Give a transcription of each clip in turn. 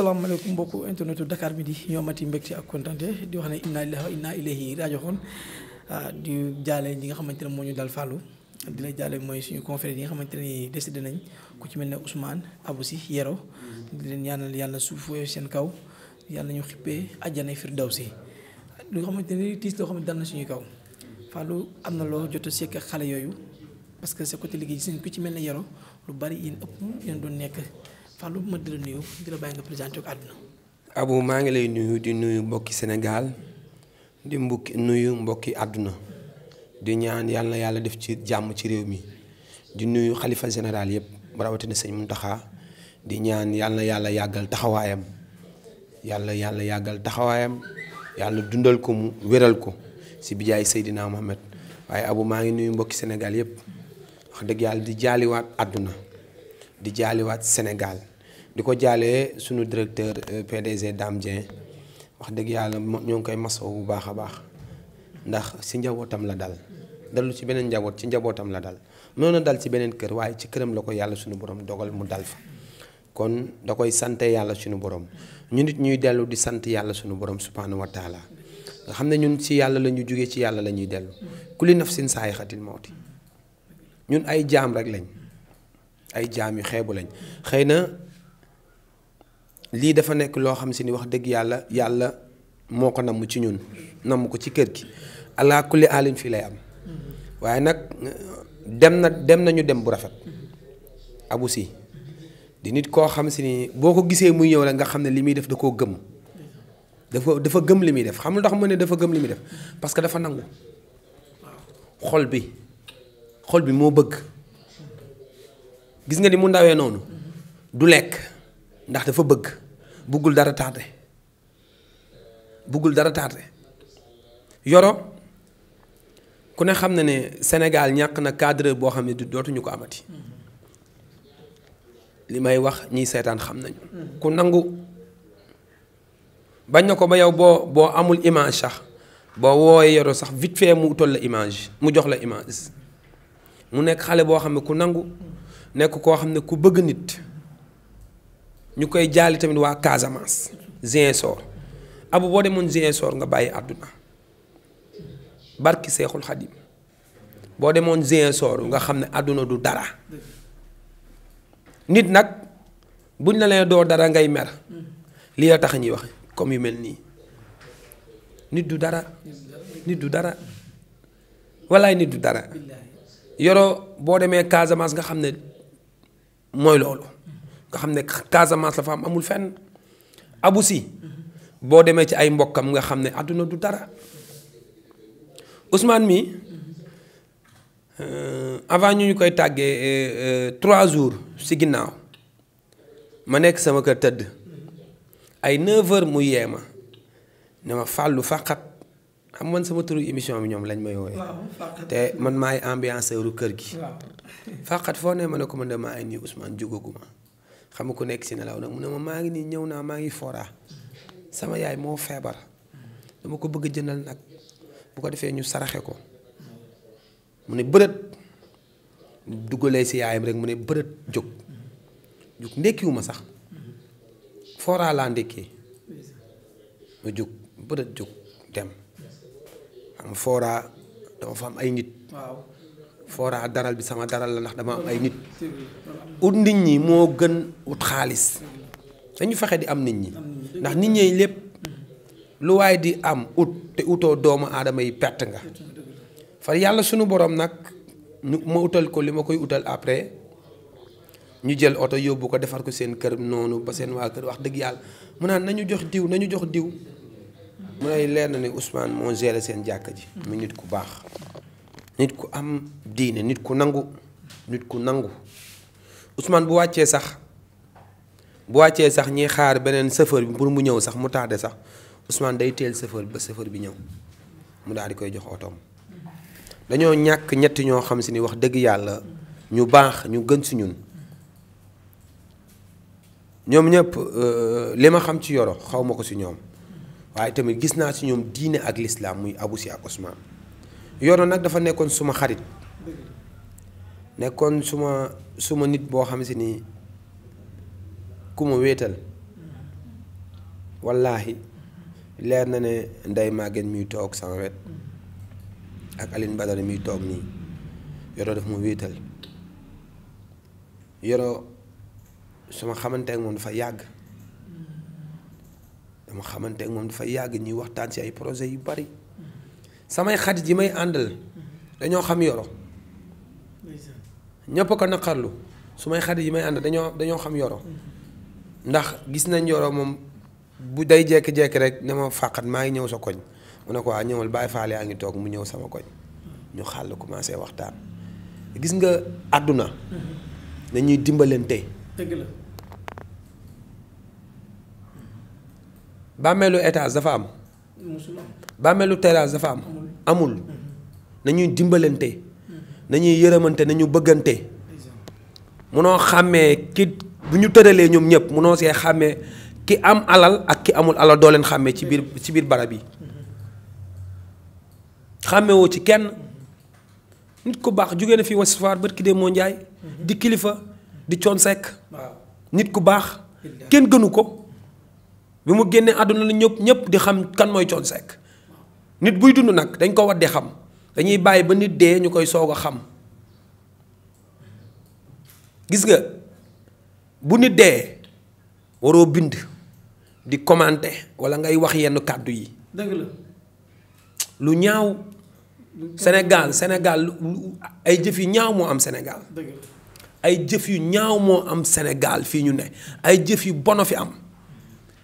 salaamaaleykum mbokku internetu Dakar Midi ñoo amati mbégte ak kontante di wax ne inna lillahi wa inna ilayhi raaji'uun ah, di jaale ñi nga xamante ne moo ñu dal fàllu di la jaale mooy suñu confrère yi nga xamante ne décédé nañ ku ci mel ne Ousmane Abousi Yero di leen ñaanal yàlla suuf woyof seen kaw yàlla ñu xippee àjjana firdawsi lu nga xamante ne tiis loo xam ne dal na suñu kaw fàllu am na loo jot a sekk ak xale yooyu parce que sa côté liggéey gis nañ ku ci mel ne Yero lu bari yéen ëpp yéen doon nekk. Fallou ma di la nuyu maa ngi lay nuyu di nuyu mbokki Sénégal di mbukki nuyu mbokki àdduna di ñaan yàlla yàlla def ci jàmm ci réew mi di nuyu xalifa général yëpp rawatina sëñ Mountakha di ñaan yàlla yàlla yàggal taxawaayam yàlla yàlla yàggal taxawaayam yàlla dundal ko mu wéral ko si bijaay Seydina Mohamed waaye abu maa ngi nuyu mbokki Sénégal yëpp wax dëgg yàlla di jaaliwaat àdduna di jaaliwaat Sénégal. di ko jaalee suñu directeur euh, PDG daam Dieng wax dëgg yàlla ñoo ngi koy masoo bu baax a baax ndax si njabootam la dal dalul ci beneen njaboot ci njabootam la dal noonu dal ci beneen kër waaye ci këram la ko yàlla suñu borom dogal mu dal fa kon da koy sante yàlla suñu borom ñu nit ñuy dellu di sant yàlla suñu borom subhaanahu wa taala nga xam ne ñun ci yàlla la ñu jógee ci yàlla lañuy la ñuy dellu kulli nafsin saayixatil mawti ñun ay jaam rek lañ ay jaam yu xeebu lañ lii dafa nekk loo xam si ni wax dëgg yàlla yàlla moo ko namm ci ñun namm ko ci kër gi ala kulli alin fii lay am waaye nag dem na dem nañu dem bu rafet Abou Sy di nit koo xam si ni boo ko gisee muy yow la nga xam ne li muy def da koo gëm dafa dafa gëm li muy def xam ndox tax ma ne dafa gëm li muy def parce que dafa nangu xol bi xol bi moo bëgg gis nga ni mu ndawee noonu du lekk ndax dafa bëgg buggul dara tardé buggul dara tardé yoro ku ne xam na ne Sénégal ñàkk na cadre boo xam ne dootuñu ko amati li may wax ñiy seetaan xam nañu. ku nangu bañ na ko ba yow boo boo amul image sax boo wooyee yoro sax vite fait mu utal la image mu jox la image mu nekk xale boo xam ne ku nangu nekk koo xam ne ku bëgg nit. ñu koy jaali tamit waa Casamance Ziguinchor abu boo demoon Ziguinchor nga bàyyi àdduna barki seexul xadim boo demoon Ziguinchor nga xam ne àdduna du dara nit nag buñ la leen doo dara ngay mer li la tax ñuy wax comme yu mel nii nit du dara nit du dara wallaay nit du dara yoro boo demee Casamance nga xam ne mooy loolu nga xam ne Casamance la fa am amul fenn abu boo demee ci ay mbokkam nga xam ne àdduna du dara Ousmane mi euh, avant ñu ñu koy tàggee euh, euh, trois jours si ginnaaw ma nekk sama kër tëdd ay 9h mu yee ma ne ma fàllu fàqat am man sama turu émission bi ñoom lañ may wooyee te man maay ambianceur kër gi fàqat foo ne ma ne ko man maa ngi nii Ousmane jógaguma xam nga ko nekk si nelaw nag mu ne ma maa ngi nii ñëw naa maa ngi fora sama yaay moo feebar dama ko bëgg jëndal nag bu ko defee ñu saraxe ko mu ne bërët duggalee si yaayam rek mu ne bërët jóg jóg ndékkiwu ma sax fora laa ndékkee ma jóg bërët jóg dem xam fora dafa fa am ay nit waaw fooraa daral bi sama daral la ndax dama am ay nit ut nit ñi moo gën ut xaalis dañu fexe di am nit ñi ndax nit ñi lépp lu waay di am ut te utoo doomu aadama yi perte nga far yàlla sunu borom nag ñu ma utal ko li ma koy utal après ñu jël oto yóbbu ko defar ko seen kër noonu ba seen waa kër wax dëgg yàlla mu naan nañu jox diw nañu jox diw mu ne leer na ne Ousmane moo géré seen jàkka ji mu nit ku baax nit ku am diine nit ku nangu nit ku nangu usmaan bu wàccee sax bu wàccee sax ñiy xaar beneen chauffeur bi pour mu ñëw sax mu taade sax usmaan day teel chauffeur ba chauffeur bi ñëw mu daal di koy jox otoom dañoo ñàkk ñetti ñoo xam si ni wax dëgg yàlla ñu baax ñu gën si ñun ñoom ñëpp euh, li ma xam ci yoro xaw ma ko si ñoom waaye tamit gis naa si ñoom diine ak lislaam muy Abou Sy ak Ousmane yoro nag dafa nekkoon suma xarit nekkoon suma suma nit boo xam si ni ku ma wéetal wallaahi leer na ne ndey Maguette muy toog sama wet ak Aline Badara muy toog nii yoro daf ma wéetal yoro suma xamante ak moom dafa yàgg dama xamante ak moom dafa yàgg ñuy waxtaan ci ay projet yu bari samay xarit yi may àndal dañoo xam yoro ñëpp ko naqarlu su may xarit yi may àndal dañoo dañoo xam yoro ndax gis nañ yoro moom bu day jékki-jékki rek ne ma fàqat maa ngi ñëw sa koñ mu ne ko waa ñëwal bàyyi faale yaa ngi toog mu ñëw sama koñ ñu xàll commencé waxtaan gis nga àdduna nañuy dimbalante dëgg la bàmmeelu étage dafa am bàmmeelu terrasse dafa am amul mhm. nañuy dimbalante mhm. nañuy yërëmante ñu bëggante munoo xàmmee ki bu ñu tëralee ñoom ñëpp munoo see xàmmee ki am alal ak ki amul alal doo leen xàmmee ci biir ci biir barab yi mhm. xàmmewoo ci kenn nit ku baax jógee na fi wasifaar bët ki dee moo njaay di kilifa di coon sekk nit ku baax kenn gënu ko bi mu génnee àdduna la ñëpp ñëpp di xam kan mooy Thione Seck nit buy dund nag dañ ko war di xam dañuy bàyyi ba nit dee ñu koy soog a xam gis nga bu nit dee waroo bind di commenter walla ngay wax yenn kàddu yi. lu ñaaw. senegal Sénégal ay jëf yu ñaaw moo am Sénégal. ay jëf yu ñaaw moo am senegal fii ñu ne ay jëf yu bono fi am.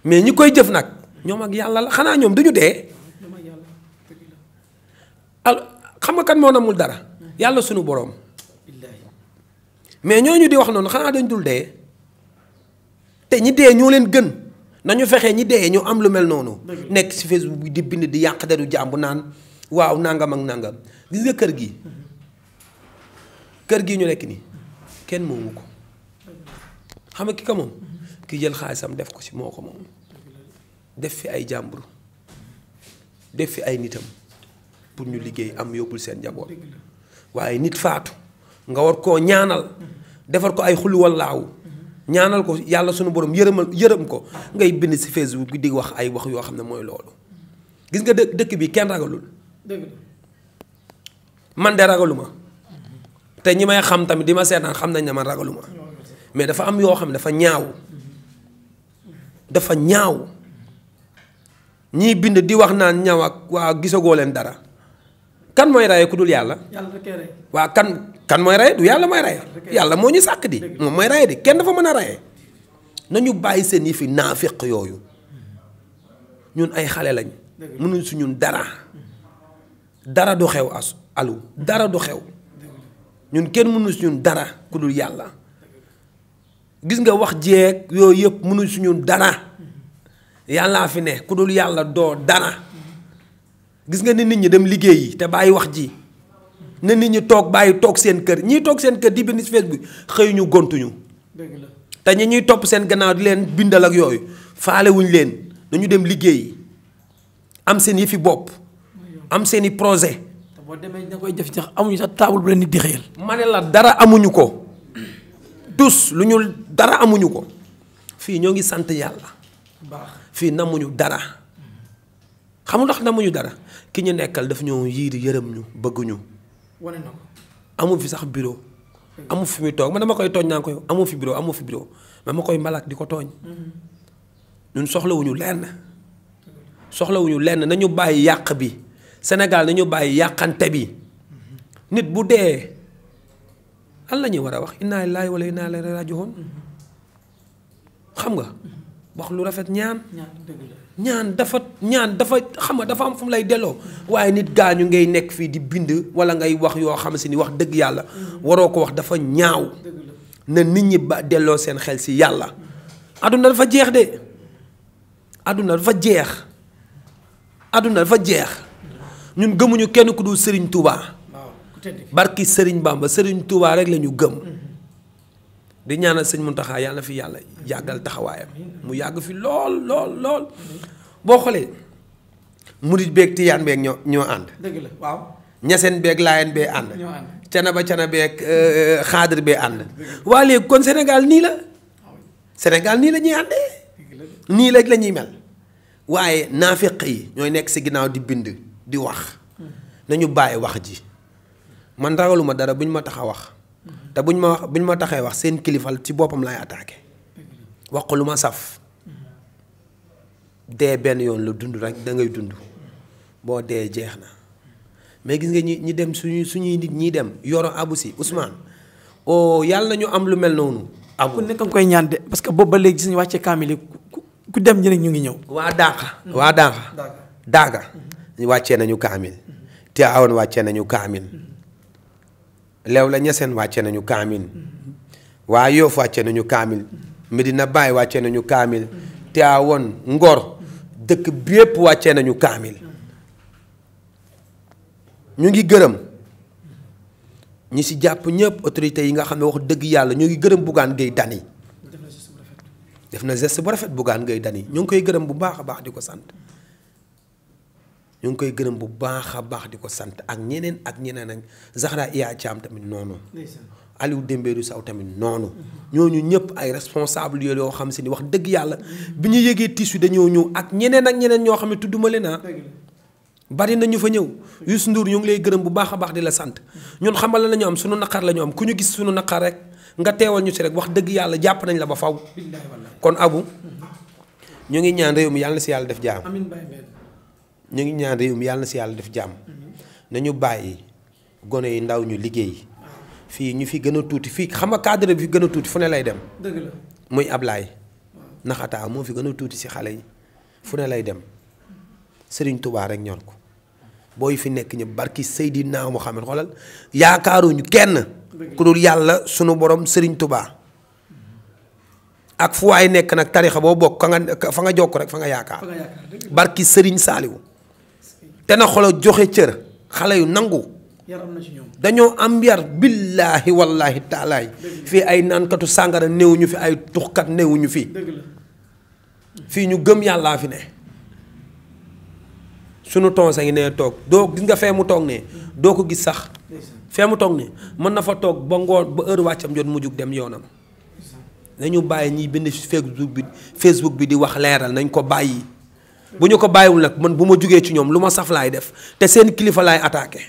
mais ñi koy jëf nag ñoom ak yàlla la xanaa ñoom duñu dee al xam nga kan namul dara yàlla sunu boroom mais ñooñu di wax noonu xanaa dañ dul dee te ñi dee ñoo leen gën nañu fexe ñi dee ñu am lu mel noonu nekk ci Facebook bi di bind di yàq deru jàmbu naan waaw nangam ak nangam gis nga kër gi kër gi ñu nekk nii kenn moomu ko xam nga moom ki jël xaalisam def ko ci moo ko moom def fi ay jàmbur def fi ay nitam pour ñu liggéey am yóbbul seen njaboot waaye nit faatu nga war koo ñaanal defar ko ay xulli wallaawu ñaanal ko yàlla sunu borom yërëmal yërëm ko ngay bind ci Facebook bi di wax ay wax yoo xam ne mooy loolu gis nga dë dëkk bi kenn ragalul man de ragaluma te ñi may xam tamit di ma seetaan xam nañ ne man ragaluma mais dafa am yoo xam ne dafa ñaaw dafa ñaaw ñiy bind di wax naan ñaaw ak waa gisagoo leen dara kan mooy reye ku dul yàlla. waa kan kan mooy reye du yàlla mooy reye. yàlla moo ñu sàkk di. moom mooy reye di kenn dafa mën a reye. nañu bàyyi seen yi fi naafiq yooyu ñun ay xale lañ. mënuñ su ñun dara dara du xew as alu dara du xew ñun kenn mënuñ su ñun dara ku dul yàlla. gis nga wax jeeg yooyu yëpp mënuñ suñu dara yàllaa fi ne ku dul yàlla doo dara gis nga ne nit ñi dem liggéey yi te bàyyi wax ji ne nit ñi toog bàyyi toog seen kër ñiy toog seen kër di bind si Facebook bi xëyuñu gontuñu te ñi ñuy topp seen gannaaw di leen bindal ak yooyu faalewuñ leen dañu dem liggéey am seen yëfi bopp am seen i projet. boo demee da koy jëf amuñu sax table bu leen di xëyal. ma ne la dara amuñu ko. tus lu ñu dara amuñu ko fii ñoo ngi sant yàlla fii namuñu dara xam ndax namuñu dara ki ñu nekkal daf ñoo yiir yërëm ñu bëgguñu wane na fi sax bureau amul fi muy toog man dama koy tooñ naa ko amul fi bureau amul fi bureau man ma koy malak di ko tooñ mhm. ñun soxlawuñu lenn soxlawuñu lenn nañu bàyyi yàq bi senegal nañu bàyyi yàqante bi mhm. nit bu dee lan la ñuy war a wax inna lillahi wala inna ilayhi raji'un xam nga wax lu rafet ñaan ñaan dafa ñaan dafa xam nga dafa am fu mu lay delloo waaye nit gaañu ngay nekk fii di bind wala ngay wax yoo xam si ni wax dëgg yàlla waroo ko wax dafa ñaaw ne nit ñi delloo seen xel si yàlla àdduna dafa jeex de àdduna dafa jeex àdduna dafa jeex ñun gëmuñu kenn ku dul Sëriñ Tuubaa barki Serigne Bamba Serigne Touba rek la ñu gëm. Mm-hmm. di ñaanal sëñ Mountakha yàlla fi yàlla yàggal taxawaayam mu yàgg fi lool lool lool boo xoolee murit beeg tiyaan beeg ñoo ñoo ànd. ñaseen beeg laayeen bee ànd. ñoo ànd cana ba cana beeg euh, euh, xaadir bee ànd. waa léegi kon Sénégal nii la. Sénégal nii la ñuy àndee. nii rek la ñuy mel. waaye naafeq yi ñooy nekk si ginnaaw di bind di wax mm-hmm. nañu bàyyi wax ji. man ragaluma dara buñ ma tax a wax te buñ ma wax buñ ma taxee wax seen kilifal ci boppam laay attaqué wax lu ma saf dee benn yoon lu dund rek da ngay dund boo dee jeex na mais gis nga ñi ñi dem suñu suñuy nit ñi dem yoro abu si Ousmane o oh, yàlla ñu am lu mel noonu. abu ku nekk nga koy ñaan de parce que boobu ba léegi gis nañu wàccee kaamil ku dem ñeneen ñu ngi ñëw. waa Daaxa. waa Daaxa. Daaxa wàccee nañu kaamil. te awoon wàccee nañu kaamil. leew la ñaseen wàcce nañu kaamil waa yoof wàcce nañu kaamil Medina bàyyi wàcce nañu kaamil Tiwaawan Ngor dëkk bi wàcce nañu kaamil ñu ngi gërëm ñi ci jàpp ñëpp autorités yi nga xam ne wax dëgg yàlla ñu ngi gërëm Bougane Gueye Dany def na geste bu rafet gay Gueye Dany ñu ngi koy gërëm bu baax a baax di ko sant ñu koy gërëm bu baax a baax di ko sant ak ñeneen ak ñeneen ak Zahra Iya Thiam tamit noonu. Aliou Dembeeru Saw tamit noonu. ñooñu ñëpp ay responsable yooyu yoo xam si ni wax dëgg yàlla bi ñu tiis tissu dañoo ñëw ak ñeneen ak ñeneen ñoo xam ne tudduma leen ah. bari nañu fa ñëw Youssou nduur ñu ngi lay gërëm bu baax a baax di la sant ñun xamal nañu am suñu naqar la ñu am ku ñu gis suñu naqar rek nga teewal ñu si rek wax dëgg yàlla jàpp nañ la ba faw kon abu ñu ngi ñaan réew mi yàlla si yàlla def jaam ñu ngi ñaan réew mi yàlla na si yàlla def jàmm nañu bàyyi gone yi ndaw ñu liggéey fii ñu fi gën a tuuti fii xam nga cadre bi fi gën a tuuti fu ne lay dem. dëgg la muy Ablaye naxataa moo fi gën a tuuti si xale yi fu ne lay dem sëriñ tubaa rek ñor ko booy fi nekk ñu barki Seydina Muhammad xoolal yaakaaruñu kenn. ku dul yàlla sunu borom sëriñ tubaa ak fu waay nekk nag tarixa boo bokk nga fa nga jokk rek fa nga yaakaar. barki Serigne Saliou. te na xoolal joxe cër xale yu nangu. na dañoo am yar billaahi wallaahi taalaay. fii ay naankatu sàngara néewuñu fi ay tuxkat néewuñu fi. fii ñu gëm yàllaa fi ne. sunu tonsa ngi ne toog doo gis nga fee mu toog ne doo ko gis sax. fee mu toog ne mën na fa toog ba ngoon ba ër wàccam jot mu jug dem yoonam. nañu bàyyi ñiy bind Facebook bi Facebook bi di wax leeral nañ ko bàyyi. bu ñu ko bàyyiwul nag man bu ma jugee ci ñoom lu ma saf laay def te seen kilifa laay attaqué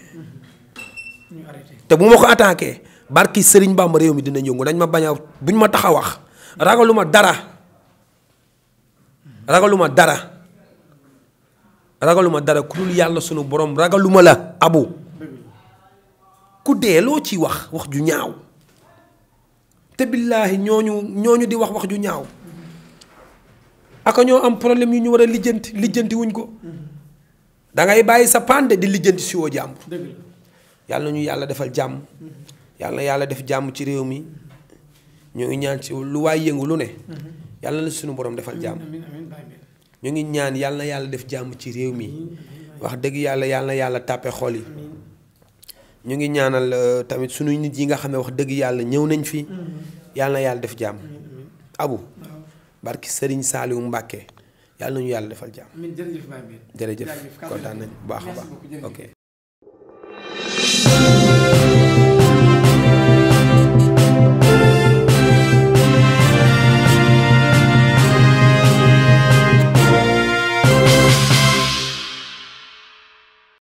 te bu ma ko attaqué barki Serigne Bamba réew mi dina yëngu dañ ma bañ a buñ ma tax a wax ragaluma dara ragaluma dara ragaluma dara ku dul yàlla sunu borom ragaluma la abu ku dee loo ciy wax wax ju ñaaw te billaahi ñooñu ñooñu di wax wax ju ñaaw. aka ñoo am problème yi ñu war a lijjanti lijjanti wuñ ko mm-hmm. dangay bàyyi sa pande di lijjanti si woo jàmbur yàlla na ñu yàlla defal jàmm mm-hmm. yàlla yàlla def jàmm ci réew mi ñu ngi ñaan ci ne mm-hmm. yàlla na suñu borom defal jàmm ñu ngi ñaan yàlla yàlla def jàmm ci réew mi wax dëgg yàlla yàlla yàlla tàppe xool yi ñu ngi ñaanal euh, tamit suñu nit yi nga xam ne wax dëgg yàlla ñëw nañ fi yàlla yàlla def jàmm abu barki Serigne Saliou Mbacke yàlla ñu yàlla defal jàmm. jërëjëf kontaan nañ bu baax a baax ok.